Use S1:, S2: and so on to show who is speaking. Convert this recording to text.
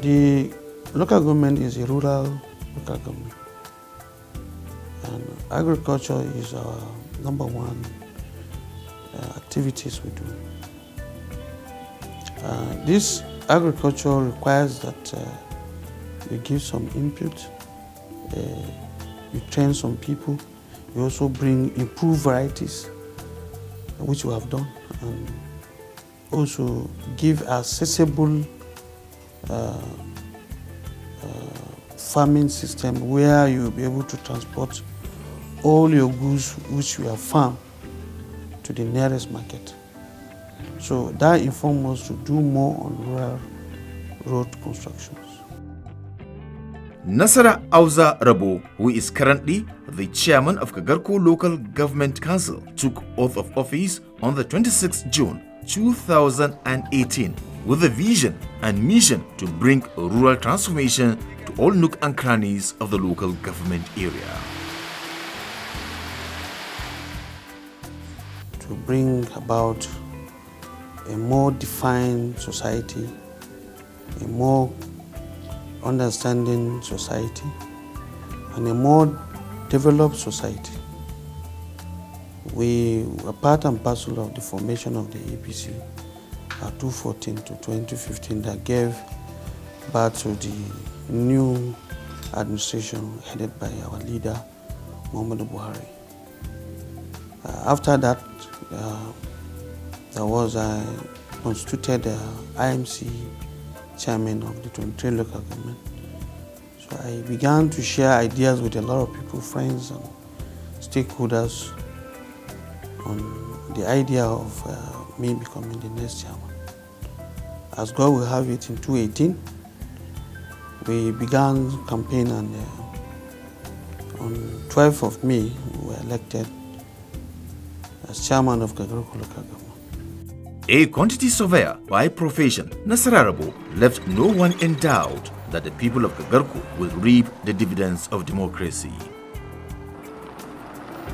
S1: The local government is a rural local government. And agriculture is our number one uh, activities we do. Uh, this agriculture requires that uh, you give some input, uh, you train some people, you also bring improved varieties, which we have done, and also give accessible uh, farming system where you'll be able to transport all your goods which you have farmed to the nearest market. So that informs us to do more on rural road constructions.
S2: Nasara Auza Rabo, who is currently the chairman of Kagarko Local Government Council, took oath of office on the 26th June 2018 with a vision and mission to bring rural transformation to all nook and crannies of the local government area.
S1: To bring about a more defined society, a more understanding society, and a more developed society. We are part and parcel of the formation of the APC. 2014 to 2015 that gave birth to the new administration headed by our leader, Muhammad Buhari. Uh, after that, uh, there was a constituted uh, IMC chairman of the 23 local government. So I began to share ideas with a lot of people, friends and stakeholders on the idea of uh, me becoming the next chairman. As God will have it in 2018, we began campaign and uh, on 12th of May we were elected as chairman of Kagruku local government. A quantity surveyor by profession, Nasararabo left no
S2: one in doubt that the people of Kagarku will reap the dividends of democracy.